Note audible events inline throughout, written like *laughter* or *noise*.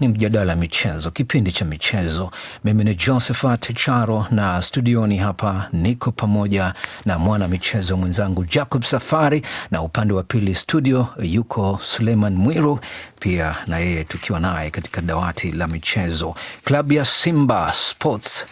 ni mjadala michezo, kipindi cha michezo. Mimi ni Josephat Charo na studioni hapa niko pamoja na mwana michezo mwenzangu Jacob Safari, na upande wa pili studio yuko Suleiman Mwiru pia na yeye tukiwa naye katika dawati la michezo. Klabu ya Simba Sports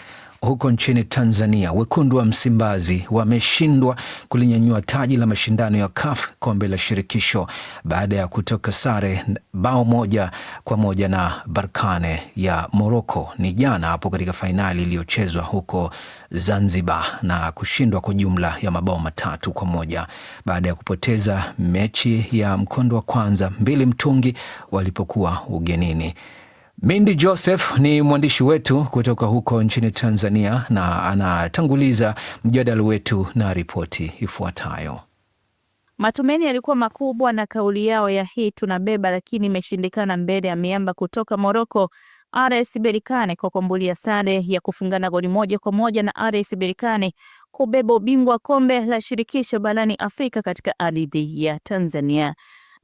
huko nchini Tanzania, wekundu wa Msimbazi wameshindwa kulinyanyua taji la mashindano ya CAF kombe la shirikisho baada ya kutoka sare bao moja kwa moja na Barkane ya Moroko ni jana hapo katika fainali iliyochezwa huko Zanzibar na kushindwa kwa jumla ya mabao matatu kwa moja baada ya kupoteza mechi ya mkondo wa kwanza mbili mtungi walipokuwa ugenini. Mindi Joseph ni mwandishi wetu kutoka huko nchini Tanzania na anatanguliza mjadala wetu na ripoti ifuatayo. Matumaini yalikuwa makubwa na kauli yao ya hii tunabeba lakini imeshindikana mbele ya miamba kutoka Moroko. RS berikane kwa kuambulia sare ya kufungana goli moja kwa moja na RS berikane kubeba ubingwa kombe la shirikisho barani Afrika katika ardhi ya Tanzania.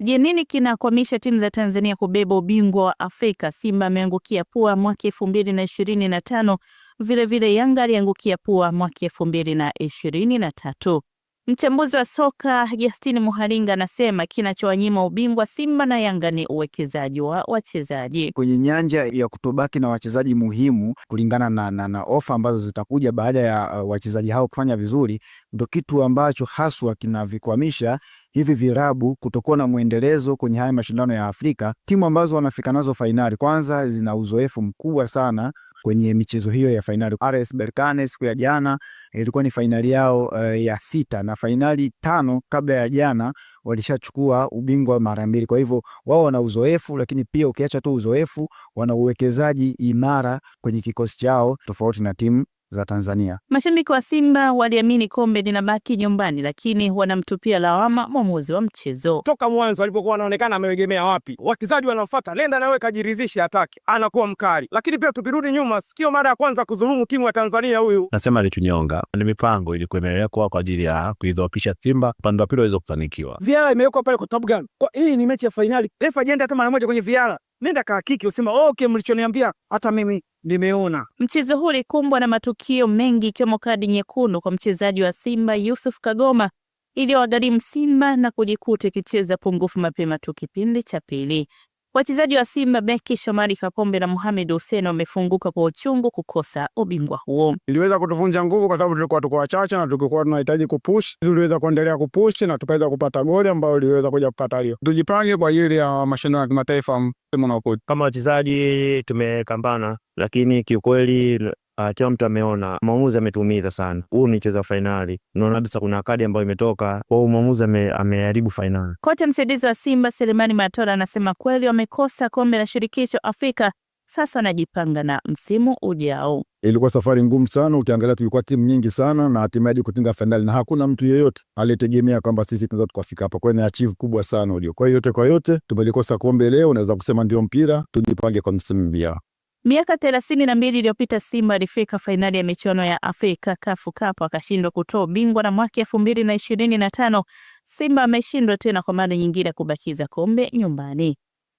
Je, nini kinakwamisha timu za Tanzania kubeba ubingwa wa Afrika? Simba ameangukia pua mwaka elfu mbili na ishirini na tano vilevile Yanga aliangukia pua mwaka elfu mbili na ishirini na tatu. Mchambuzi wa soka Justin Muharinga anasema kinachowanyima ubingwa Simba na Yanga ni uwekezaji wa wachezaji kwenye nyanja ya kutobaki na wachezaji muhimu kulingana na, na, na ofa ambazo zitakuja baada ya uh, wachezaji hao kufanya vizuri, ndo kitu ambacho haswa kinavikwamisha hivi virabu kutokuwa na mwendelezo kwenye haya mashindano ya Afrika. Timu ambazo wanafika nazo fainali kwanza zina uzoefu mkubwa sana kwenye michezo hiyo ya fainali. RS Berkane siku ya jana ilikuwa ni fainali yao uh, ya sita na fainali tano kabla ya jana walishachukua ubingwa mara mbili. Kwa hivyo wao wana uzoefu, lakini pia ukiacha tu uzoefu, wana uwekezaji imara kwenye kikosi chao tofauti na timu za Tanzania. Mashabiki wa Simba waliamini kombe linabaki nyumbani, lakini wanamtupia lawama mwamuzi wa mchezo. Toka mwanzo alipokuwa anaonekana ameegemea wapi, wachezaji wanamfuata, lenda na wewe kajiridhishe, atake anakuwa mkali. Lakini pia tukirudi nyuma, sikio mara ya kwanza kudhulumu timu ya Tanzania huyu. Nasema alitunyonga, ni mipango ilikuwa imewekwa kwa ajili ya kuidhoofisha Simba, upande wa pili waweze kufanikiwa. Viara imewekwa pale kwa sababu gani? Hii ni mechi ya fainali, refa jenda hata mara moja kwenye viara nenda kahakiki, usema okay, mlichoniambia hata mimi nimeona. Mchezo huu ulikumbwa na matukio mengi ikiwemo kadi nyekundu kwa mchezaji wa Simba Yusuf Kagoma iliyowagharimu Simba na kujikuta ikicheza pungufu mapema tu kipindi cha pili. Wachezaji wa Simba beki Shomari Kapombe na Mohamed Hussein wamefunguka kwa uchungu kukosa ubingwa huo. Iliweza kutuvunja nguvu kwa sababu tulikuwa tuko wachache na tulikuwa tunahitaji kupush. Tuliweza kuendelea kupush na tukaweza kupata goli ambayo iliweza kuja kupata hiyo. Tujipange kwa ajili ya mashindano ya kimataifa msimu unaokuja. Kama wachezaji tumekambana, lakini kiukweli Uh, kila mtu ameona mwamuzi ametumiza sana. Huu ni mchezo wa fainali, unaona kabisa kuna kadi ambayo imetoka kwa mwamuzi, ameharibu fainali. Kocha msaidizi wa Simba Selemani Matola anasema kweli wamekosa kombe la shirikisho Afrika, sasa wanajipanga na msimu ujao. Ilikuwa safari ngumu sana, ukiangalia tulikuwa timu nyingi sana na hatimaye kutinga fainali, na hakuna mtu yeyote alitegemea kwamba sisi tunaweza tukafika hapa. Kwa hiyo ni achieve kubwa sana ulio. Kwa hiyo yote kwa yote tumelikosa kombe leo, unaweza kusema ndio mpira, tujipange kwa msimu ujao. Miaka thelathini na mbili iliyopita Simba alifika fainali ya michuano ya Afrika Kafu Cup akashindwa kutoa ubingwa, na mwaka elfu mbili na ishirini na tano Simba ameshindwa tena kwa mara nyingine kubakiza kombe nyumbani.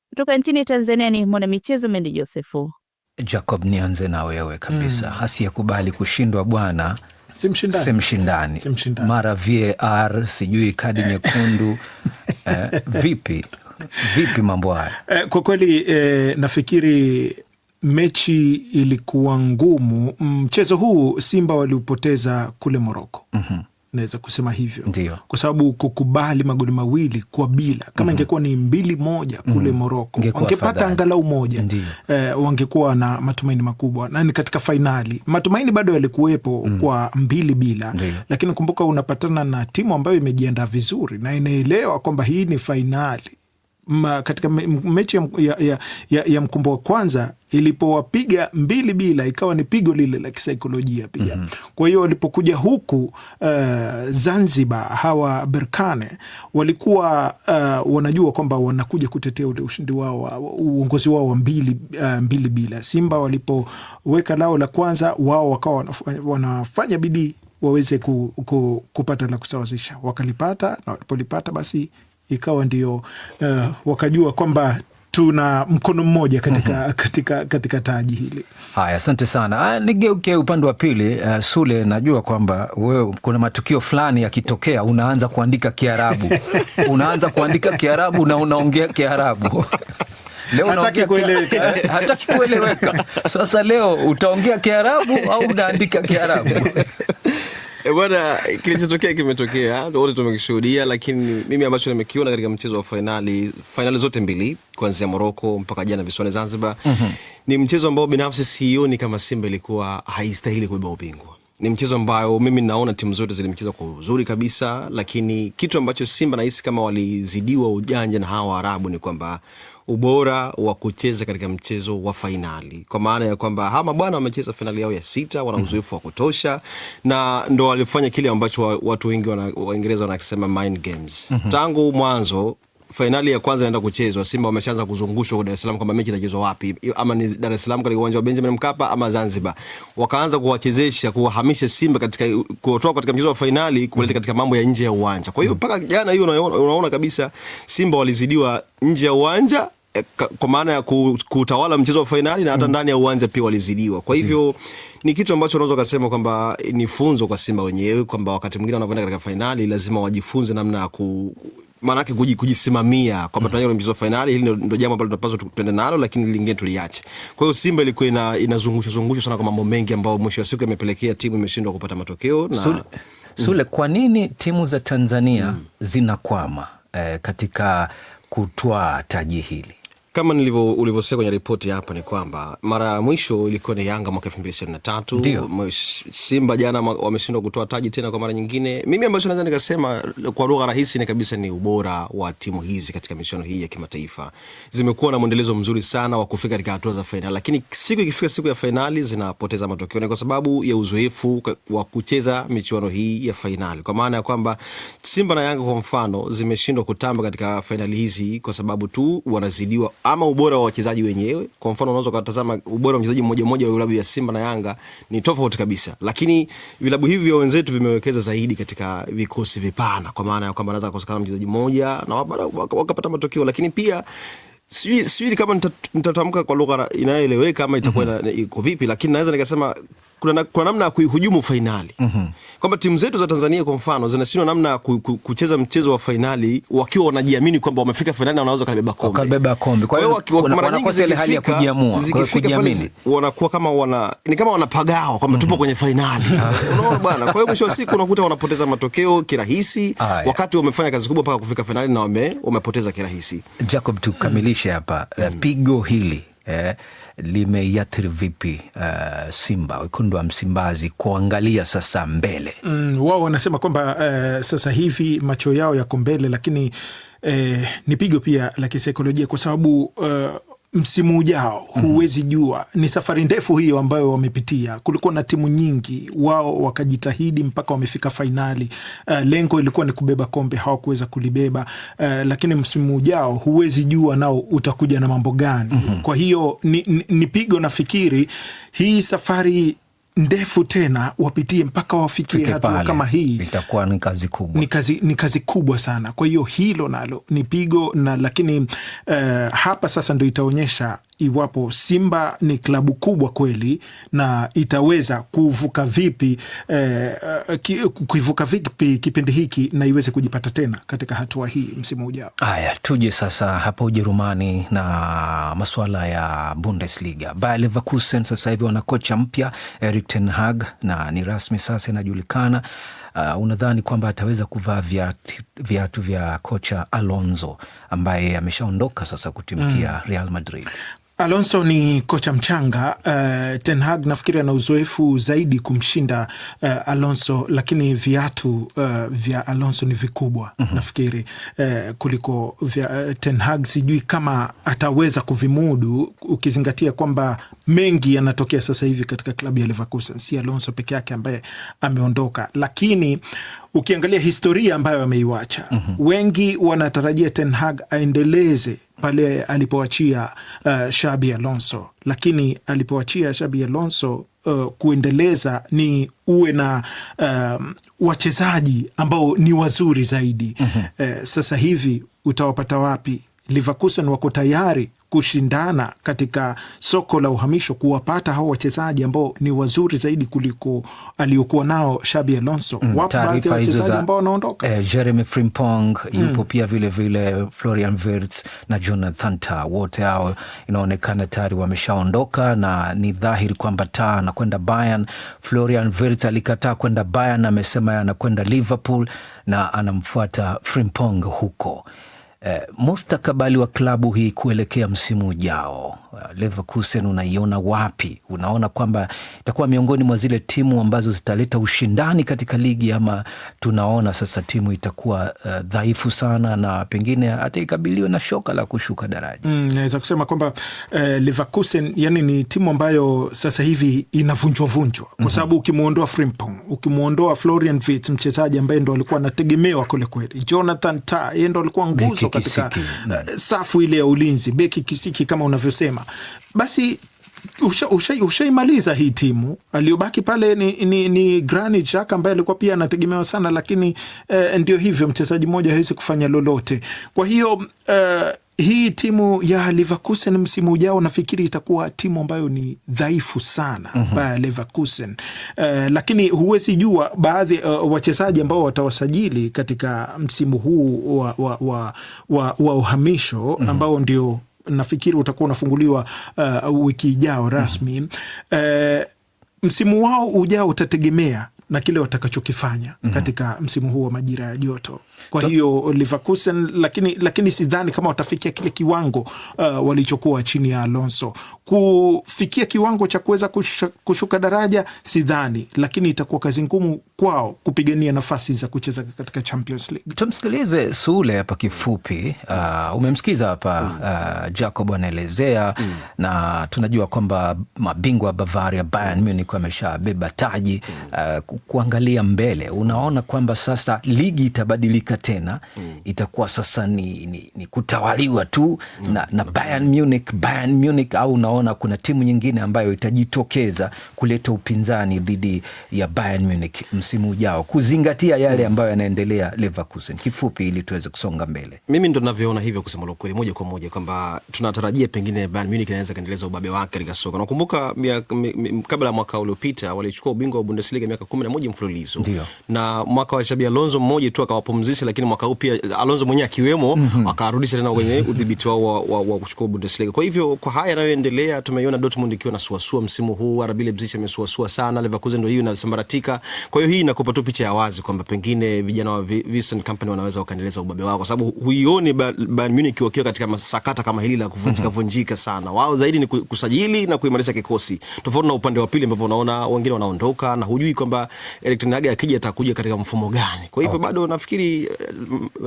Kutoka nchini Tanzania ni mwanamichezo Mendi Josefu. Jacob, nianze na wewe kabisa mm. Hasiyekubali kushindwa bwana simshindani simshindani simshindani, mara VAR sijui kadi eh. nyekundu *laughs* eh, vipi vipi mambo haya eh, kwa kweli eh, nafikiri mechi ilikuwa ngumu. Mchezo huu Simba waliupoteza kule Moroko. mm -hmm. Naweza kusema hivyo ndiyo, kwa sababu kukubali magoli mawili kwa bila kama mm -hmm. ingekuwa ni mbili moja kule mm -hmm. Moroko wangepata angalau moja eh, wangekuwa na matumaini makubwa, na ni katika fainali matumaini bado yalikuwepo mm -hmm. kwa mbili bila ndiyo. Lakini kumbuka unapatana na timu ambayo imejiandaa vizuri na inaelewa kwamba hii ni fainali ma, katika mechi ya, ya, ya, ya mkumbo wa kwanza ilipowapiga mbili bila, ikawa ni pigo lile la kisaikolojia pia mm -hmm. Kwa hiyo walipokuja huku uh, Zanzibar hawa Berkane walikuwa uh, wanajua kwamba wanakuja kutetea ule ushindi wao wa, uongozi wao wa mbili, uh, mbili bila. Simba walipoweka lao la kwanza, wao wakawa wanafanya bidii waweze ku, ku, kupata la kusawazisha, wakalipata na walipolipata basi ikawa ndio uh, wakajua kwamba tuna mkono mmoja katika, mm -hmm. katika, katika taji hili. Haya, asante sana. Ah, nigeuke upande wa pili. Uh, Sule, najua kwamba wewe kuna matukio fulani yakitokea unaanza kuandika Kiarabu *laughs* unaanza kuandika Kiarabu na unaongea Kiarabu *laughs* Leo hataki kueleweka. *laughs* Hataki kueleweka. Sasa leo utaongea Kiarabu au unaandika Kiarabu? Eh, bwana, kilichotokea kimetokea, wote tumekishuhudia, lakini mimi ambacho nimekiona katika mchezo wa fainali fainali zote mbili kuanzia Moroko mpaka jana visiwani Zanzibar, mm -hmm. ni mchezo ambao binafsi sioni kama Simba ilikuwa haistahili kubeba ubingwa ni mchezo ambayo mimi naona timu zote zilimcheza kwa uzuri kabisa, lakini kitu ambacho Simba nahisi kama walizidiwa ujanja na hawa Waarabu ni kwamba ubora wa kucheza katika mchezo wa fainali, kwa maana ya kwamba hawa mabwana wamecheza fainali yao ya sita, wana mhm. uzoefu wa kutosha, na ndo walifanya kile ambacho watu wengi Waingereza wanasema mind games mhm. tangu mwanzo fainali ya kwanza inaenda kuchezwa, Simba wameshaanza kuzungushwa kwa Dar es Salaam kwamba mechi itachezwa wapi, ama ni Dar es Salaam katika uwanja wa Benjamin Mkapa ama Zanzibar. Wakaanza kuwachezesha kuwahamisha Simba katika kutoa katika mchezo wa fainali kuleta katika mambo ya nje ya uwanja. Kwa hiyo mpaka jana hiyo unaona, unaona kabisa Simba walizidiwa nje ya uwanja eh, kwa maana ya kutawala mchezo wa fainali na hata mm. ndani ya uwanja pia walizidiwa. Kwa hivyo mm. ni kitu ambacho unaweza ukasema kwamba ni funzo kwa Simba wenyewe kwamba wakati mwingine wanapoenda katika fainali lazima wajifunze namna ya ku maanake kujisimamia kwamba mm. kwenye mchezo fainali. Hili ndo jambo ambalo tunapaswa tuende nalo, lakini lingine tuliache. Kwa hiyo Simba ilikuwa inazungushwa zungushwa sana kwa mambo mengi ambayo mwisho wa siku yamepelekea timu imeshindwa kupata matokeo na Sule, mm. Sule, kwa nini timu za Tanzania mm. zinakwama eh, katika kutwaa taji hili? Kama ulivyosema kwenye ripoti hapa ni kwamba mara ya mwisho ilikuwa ni Yanga mwaka elfu mbili ishirini na tatu. Simba jana wameshindwa kutoa taji tena kwa mara nyingine. Mimi ambacho naweza nikasema kwa lugha rahisi ni kabisa ni ubora wa timu hizi katika michuano hii ya kimataifa, zimekuwa na mwendelezo mzuri sana wa kufika katika hatua za fainali, lakini siku ikifika siku ya fainali zinapoteza matokeo. Ni kwa sababu ya uzoefu wa kucheza michuano hii ya fainali, kwa maana ya kwamba Simba na Yanga kwa mfano zimeshindwa kutamba katika fainali hizi kwa sababu tu wanazidiwa ama ubora wa wachezaji wenyewe. Kwa mfano, unaweza kutazama ubora wa mchezaji mmoja mmoja wa vilabu vya Simba na Yanga ni tofauti kabisa, lakini vilabu hivi vya wenzetu vimewekeza zaidi katika vikosi vipana, kwa maana ya kwamba anaweza kukosekana mchezaji mmoja na wakapata matokeo, lakini pia sijui kama nitatamka kwa lugha inayoeleweka ama itakuwa mhm. iko vipi, lakini naweza nikasema kuna, kuna namna ya kuihujumu fainali mm -hmm. kwamba timu zetu za Tanzania kwa mfano zinashindwa namna ya ku, ku, kucheza mchezo wa fainali wakiwa wanajiamini kwamba wamefika fainali na wanaweza kalibeba kombe, kama wana ni kama wanapagawa kwamba mm -hmm. tupo mhm. kwenye fainali *laughs* ah. unaona bwana. Kwa hiyo mwisho wa siku unakuta wanapoteza matokeo kirahisi ah, wakati wamefanya kazi kubwa mpaka kufika fainali na wame, wamepoteza kirahisi. Jacob, tukamilishe hapa eh, mm -hmm. pigo hili eh, limeiathiri vipi uh, Simba wekundu wa Msimbazi kuangalia sasa mbele? Mm, wao wanasema kwamba uh, sasa hivi macho yao yako mbele, lakini uh, ni pigo pia la kisaikolojia kwa sababu uh, msimu ujao mhm. huwezi jua. Ni safari ndefu hiyo ambayo wamepitia. Kulikuwa na timu nyingi, wao wakajitahidi mpaka wamefika fainali. Uh, eh, lengo ilikuwa ni kubeba kombe, hawakuweza kulibeba. Uh, lakini msimu ujao huwezi jua nao utakuja na mambo gani. Mhm. Kwa hiyo ni, ni, ni pigo, nafikiri hii safari ndefu tena wapitie mpaka wafikie hatua kama hii, itakuwa ni kazi kubwa, ni kazi, ni kazi kubwa sana. Kwa hiyo hilo nalo ni pigo na, lakini uh, hapa sasa ndo itaonyesha iwapo Simba ni klabu kubwa kweli na itaweza kuvuka vipi eh, kuivuka vipi kipindi hiki na iweze kujipata tena katika hatua hii msimu ujao. Haya, tuje sasa hapa Ujerumani na masuala ya Bundesliga. Bayer Leverkusen sasa hivi wana kocha mpya Erik ten Hag na ni rasmi sasa inajulikana. Uh, unadhani kwamba ataweza kuvaa viatu vya kocha Alonso ambaye ameshaondoka sasa kutimkia mm. Real Madrid? Alonso ni kocha mchanga uh, Ten Hag nafikiri ana uzoefu zaidi kumshinda uh, Alonso, lakini viatu uh, vya Alonso ni vikubwa mm -hmm. nafikiri uh, kuliko vya, uh, Ten Hag sijui kama ataweza kuvimudu ukizingatia kwamba mengi yanatokea sasa hivi katika klabu ya Leverkusen. Si Alonso peke yake ambaye ameondoka, lakini ukiangalia historia ambayo ameiwacha mm -hmm. wengi wanatarajia Ten Hag aendeleze pale alipoachia uh, Shabi Alonso, lakini alipoachia shabi Alonso uh, kuendeleza ni uwe na uh, wachezaji ambao ni wazuri zaidi mm -hmm. uh, sasa hivi utawapata wapi Leverkusen wako tayari kushindana katika soko la uhamisho kuwapata hao wachezaji ambao ni wazuri zaidi kuliko aliokuwa nao Xabi Alonso. Mm, wapo baadhi ya wachezaji ambao wanaondoka. Eh, Jeremy Frimpong mm, yupo pia vile vile Florian Wirtz na Jonathan Tah, wote hao inaonekana tayari wameshaondoka na ni dhahiri kwamba Tah anakwenda Bayern. Florian Wirtz alikataa kwenda Bayern, amesema anakwenda Liverpool na anamfuata Frimpong huko eh, mustakabali wa klabu hii kuelekea msimu ujao eh, Leverkusen unaiona wapi? Unaona kwamba itakuwa miongoni mwa zile timu ambazo zitaleta ushindani katika ligi, ama tunaona sasa timu itakuwa uh, dhaifu sana na pengine hata ikabiliwe na shoka la kushuka daraja? Mm, naweza mm, kusema kwamba eh, Leverkusen yani ni timu ambayo sasa hivi inavunjwavunjwa kwa mhm. sababu mm -hmm. ukimwondoa Frimpong, ukimwondoa Florian Wirtz, mchezaji ambaye ndo alikuwa anategemewa kwelikweli, Jonathan Tah, yeye ndo alikuwa nguzo katika eh, safu ile ya ulinzi, beki Kisiki kama unavyosema, basi ushaimaliza usha, usha hii timu aliyobaki pale ni, ni, ni Granit Xhaka ambaye alikuwa pia anategemewa sana, lakini eh, ndio hivyo, mchezaji mmoja hawezi kufanya lolote. Kwa hiyo eh, hii timu ya Leverkusen msimu ujao nafikiri itakuwa timu ambayo ni dhaifu sana mm -hmm. Bayer Leverkusen uh, lakini huwezi jua baadhi uh, wachezaji ambao watawasajili katika msimu huu wa, wa, wa, wa, wa uhamisho mhm. ambao mm -hmm. ndio nafikiri utakuwa unafunguliwa uh, wiki ijao mhm. rasmi mm -hmm. uh, msimu wao ujao utategemea na kile watakachokifanya mm -hmm. katika msimu huu wa majira ya joto. Kwa hiyo Leverkusen, lakini, lakini sidhani kama watafikia kile kiwango uh, walichokuwa chini ya Alonso kufikia kiwango cha kuweza kushuka daraja sidhani, lakini itakuwa kazi ngumu kwao kupigania nafasi za kucheza katika Champions League. Tumsikilize Sule hapa kifupi. Uh, umemsikiza hapa mm. uh, Jacob anaelezea mm. na tunajua kwamba mabingwa wa Bavaria Bayern Munich wameshabeba taji. Mm. Uh, kuangalia mbele, unaona kwamba sasa ligi itabadilika kuimarika tena mm. itakuwa sasa ni, ni, ni kutawaliwa tu mm. na, na Bayern Munich, Bayern Munich au unaona kuna timu nyingine ambayo itajitokeza kuleta upinzani dhidi ya Bayern Munich msimu ujao kuzingatia yale mm. ambayo yanaendelea Leverkusen. Kifupi ili tuweze kusonga mbele, mimi ndo navyoona hivyo, kusema la ukweli moja kwa moja kwamba tunatarajia pengine Bayern Munich inaweza kaendeleza ubabe wake katika soka. Nakumbuka kabla ya mwaka uliopita walichukua ubingwa wa Bundesliga miaka kumi na moja mfululizo, na mwaka wa Xabi Alonso mmoja tu akawapumzisha Bundesliga, lakini mwaka huu pia Alonso mwenyewe akiwemo mm -hmm. akarudisha tena kwenye *laughs* udhibiti wao wa, wa, wa kuchukua Bundesliga. Kwa hivyo kwa haya yanayoendelea, tumeiona Dortmund ikiwa na suasua msimu huu, RB Leipzig amesuasua sana, Leverkusen ndio hiyo inasambaratika. Kwa hiyo hii inakupa tu picha ya wazi kwamba pengine vijana wa Vincent Kompany wanaweza wakaendeleza ubabe wao, kwa sababu huioni Bayern Munich wakiwa katika masakata kama hili la kuvunjika mm -hmm. vunjika sana. Wao zaidi ni kusajili na kuimarisha kikosi, tofauti na upande wa pili ambapo unaona wengine wanaondoka na hujui kwamba Erik ten Hag akija atakuja katika mfumo gani. Kwa hivyo okay. bado nafikiri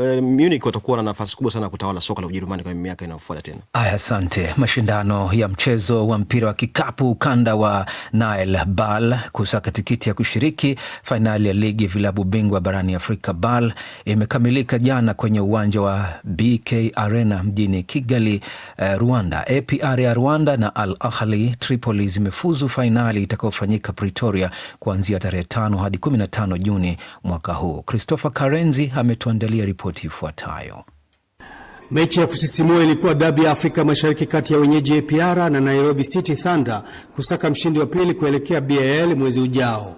Eh, Munich watakuwa na nafasi kubwa sana ya kutawala soka la Ujerumani kwenye miaka inayofuata tena. Aya, asante. Mashindano ya mchezo wa mpira wa kikapu ukanda wa Nile, BAL kusaka tikiti ya kushiriki fainali ya ligi vilabu bingwa barani Afrika BAL imekamilika jana kwenye uwanja wa BK Arena mjini Kigali, eh, Rwanda. APR ya Rwanda na Al Ahli Tripoli zimefuzu fainali itakayofanyika Pretoria kuanzia tarehe 5 hadi 15 Juni mwaka huu. Christopher Karenzi ametuandalia ripoti ifuatayo. Mechi ya kusisimua ilikuwa dabi ya Afrika Mashariki kati ya wenyeji APR na Nairobi City Thunder kusaka mshindi wa pili kuelekea BAL mwezi ujao.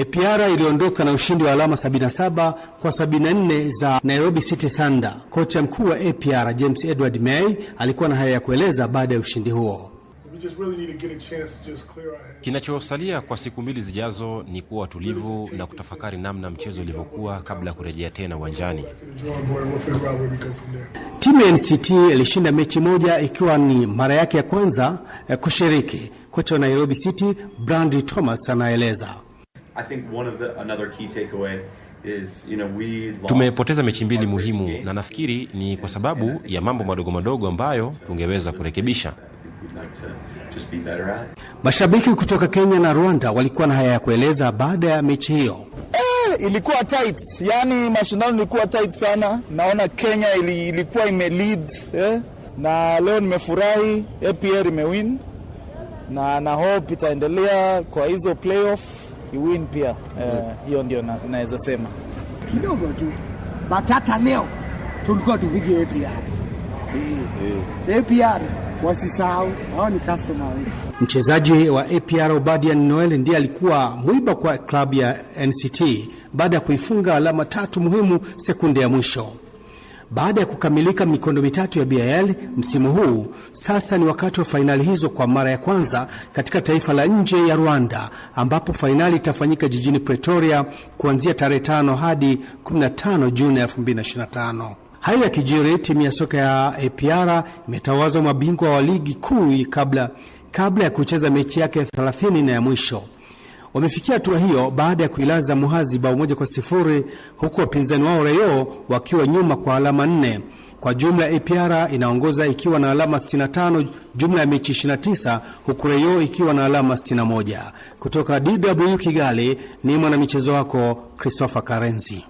APR iliondoka na ushindi wa alama 77 kwa 74 za Nairobi City Thunder. Kocha mkuu wa APR James Edward May alikuwa na haya ya kueleza baada ya ushindi huo. Kinachosalia kwa siku mbili zijazo ni kuwa watulivu na kutafakari namna mchezo ulivyokuwa kabla ya kurejea tena uwanjani. Timu ya NCT ilishinda mechi moja ikiwa ni mara yake ya kwanza eh, kushiriki. Kocha wa Nairobi City Brandi Thomas anaeleza. tumepoteza mechi mbili muhimu na nafikiri ni kwa sababu ya mambo madogo madogo ambayo tungeweza kurekebisha like be Mashabiki kutoka Kenya na Rwanda walikuwa na haya ya kueleza baada ya mechi hiyo. Eh, ilikuwa tight. Yaani mashindano ilikuwa tight sana. Naona Kenya ili, ilikuwa imelead eh? Na leo nimefurahi APR eh, imewin na na hope itaendelea kwa hizo playoff iwin pia eh, hiyo. ndio naweza sema kidogo tu batata. Leo tulikuwa tupige APR. Eh, APR wasisahau hao ni customer wetu. Mchezaji wa APR Obadian Noel ndiye alikuwa mwiba kwa klabu ya NCT baada ya kuifunga alama tatu muhimu sekunde ya mwisho. Baada ya kukamilika mikondo mitatu ya BAL msimu huu, sasa ni wakati wa fainali hizo kwa mara ya kwanza katika taifa la nje ya Rwanda, ambapo fainali itafanyika jijini Pretoria kuanzia tarehe 5 hadi 15 Juni 2025. Hayo kijiri timu ya soka ya eh, APR imetawazwa mabingwa wa ligi kuu kabla, kabla ya kucheza mechi yake 30 na ya mwisho. Wamefikia hatua hiyo baada ya kuilaza Muhazi bao moja kwa sifuri huku wapinzani wao Rayo wakiwa nyuma kwa alama nne. Kwa jumla eh, APR inaongoza ikiwa na alama 65 jumla ya mechi 29, huku Rayo ikiwa na alama 61. Kutoka DW Kigali ni mwanamichezo wako Christopher Karenzi.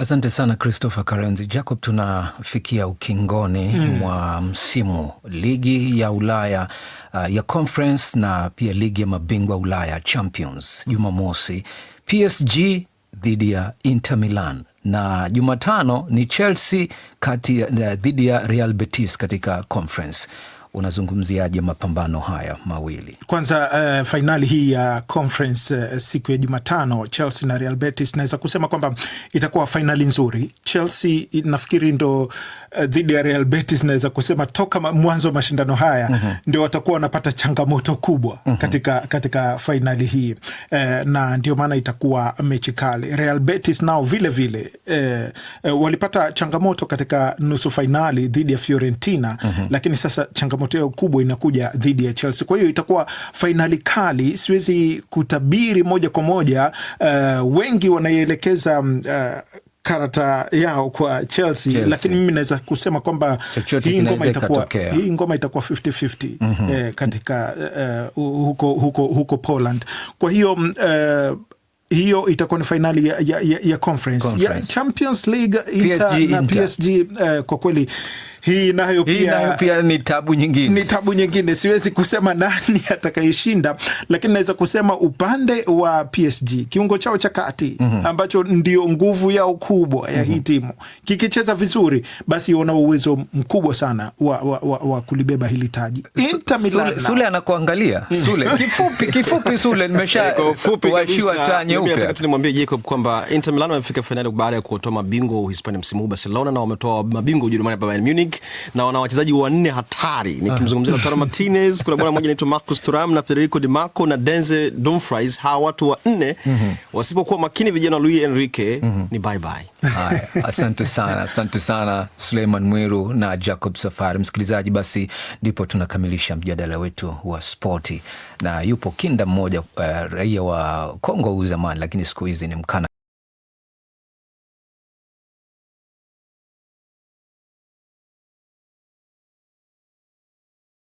Asante sana Christopher Karenzi. Jacob, tunafikia ukingoni mm, mwa msimu ligi ya Ulaya uh, ya Conference na pia ligi ya mabingwa Ulaya Champions. Hmm. Jumamosi PSG dhidi ya Inter Milan na Jumatano ni Chelsea kati uh, dhidi ya Real Betis katika Conference unazungumziaje mapambano haya mawili? Kwanza uh, fainali hii ya conference uh, siku ya Jumatano Chelsea na Real Betis, naweza kusema kwamba itakuwa fainali nzuri. Chelsea nafikiri ndo Eh, dhidi ya Real Betis naweza kusema toka mwanzo wa mashindano haya mm -hmm. ndio watakuwa wanapata changamoto kubwa mm -hmm. katika, katika fainali hii e, na ndio maana itakuwa mechi kali. Real Betis nao vilevile e, eh, e, walipata changamoto katika nusu fainali dhidi ya Fiorentina mm -hmm. lakini sasa changamoto yao kubwa inakuja dhidi ya Chelsea. Kwa hiyo itakuwa fainali kali, siwezi kutabiri moja kwa moja. Uh, wengi wanaielekeza uh, karata yao kwa Chelsea, Chelsea. Lakini mimi naweza kusema kwamba hii ngoma itakuwa hii ngoma itakuwa 50-50 mm -hmm. eh, katika uh, huko, huko, huko Poland kwa hiyo uh, hiyo itakuwa ni fainali ya, ya, ya, ya conference, conference. Ya Champions League ita PSG na PSG uh, kwa kweli hii nayo pia, hii pia ni tabu nyingine, ni tabu nyingine. Siwezi kusema nani *laughs* atakayeshinda, lakini naweza kusema upande wa PSG kiungo chao cha kati mm -hmm. ambacho ndio nguvu yao kubwa ya mm -hmm. hii mhm. timu kikicheza vizuri, basi wana uwezo mkubwa sana wa, wa, wa, wa kulibeba hili taji. Inter Milan Sule Sule anakuangalia mm. Sule, *laughs* kifupi kifupi Sule, nimesha eh, kifupi washiwa taa nyeupe. tunimwambie Jacob kwamba Inter Milan wamefika finali baada ya kuotoa mabingwa Uhispania msimu huu Barcelona, na wametoa mabingwa Ujerumani Bayern Munich League na wana wachezaji wanne hatari, nikimzungumzia Lautaro Martinez, kuna bwana mmoja anaitwa Marcus Thuram na Federico Di Marco na Denzel Dumfries. Hawa watu wanne mm -hmm. wasipokuwa makini vijana wa Luis Enrique mm -hmm. ni bye bye. Haya, asante sana, asante sana Suleiman Mwiru na Jacob Safari. Msikilizaji, basi ndipo tunakamilisha mjadala wetu wa spoti, na yupo kinda mmoja uh, raia wa Kongo huyu zamani, lakini siku hizi ni mkana